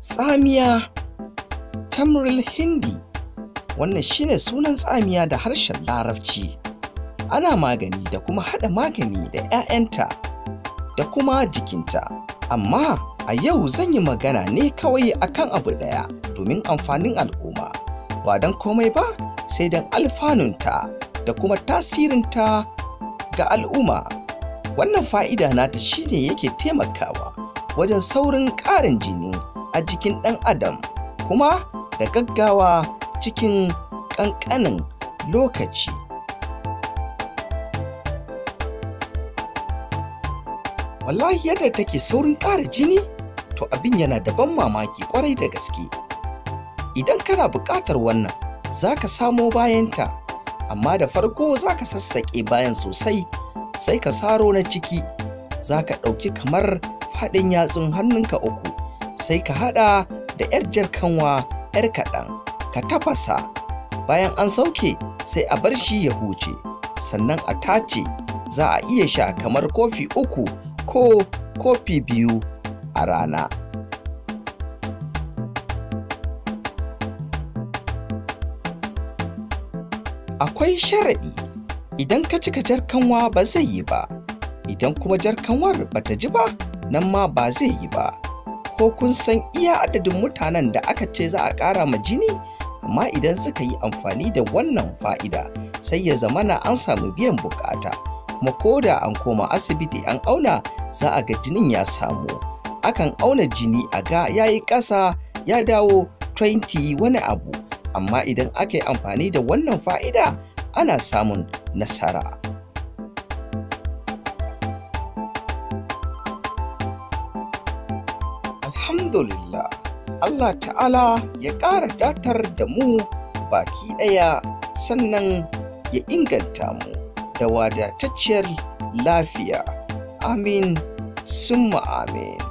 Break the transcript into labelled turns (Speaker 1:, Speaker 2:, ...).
Speaker 1: Tsamiya Tamril Hindi wannan shine sunan tsamiya da harshen Larabci. Ana magani da kuma haɗa magani da 'ya'yanta da kuma jikinta. Amma a yau zan yi magana ne kawai akan abu ɗaya domin amfanin al'umma. Ba don komai ba sai don alfanunta da kuma tasirinta ga al'umma. Wannan fa'ida nata shine yake taimakawa wajen saurin ƙarin jini a jikin ɗan adam kuma da gaggawa cikin ƙanƙanin lokaci. Wallahi yadda take saurin ƙara jini to abin yana da ban mamaki ƙwarai da gaske. Idan kana buƙatar wannan za ka samo bayanta amma da farko za ka sassaƙe bayan sosai sai ka saro na ciki za ka ɗauki kamar faɗin yatsun hannunka uku sai ka haɗa da 'yar jarkanwa 'yar kaɗan ka tafasa bayan an sauke sai a bar shi ya huce sannan a tace za a iya sha kamar kofi uku ko kofi biyu a rana akwai sharaɗi idan ka cika jarkanwa ba zai yi ba idan kuma jarkanwar ba ta ji ba nan ma ba zai yi ba ko kun san iya adadin mutanen da aka ce za a ƙara ma jini amma idan suka yi amfani da wannan fa'ida sai ya zamana an samu biyan bukata kuma ko da an koma asibiti an auna za a ga jinin ya samu akan auna jini a ga ya yi ƙasa ya dawo 20 wani abu amma idan aka yi amfani da wannan fa'ida ana samun nasara. alhamdulillah Allah ta'ala ya ƙara datar da mu baki ɗaya sannan ya inganta mu da wadatacciyar lafiya amin summa amin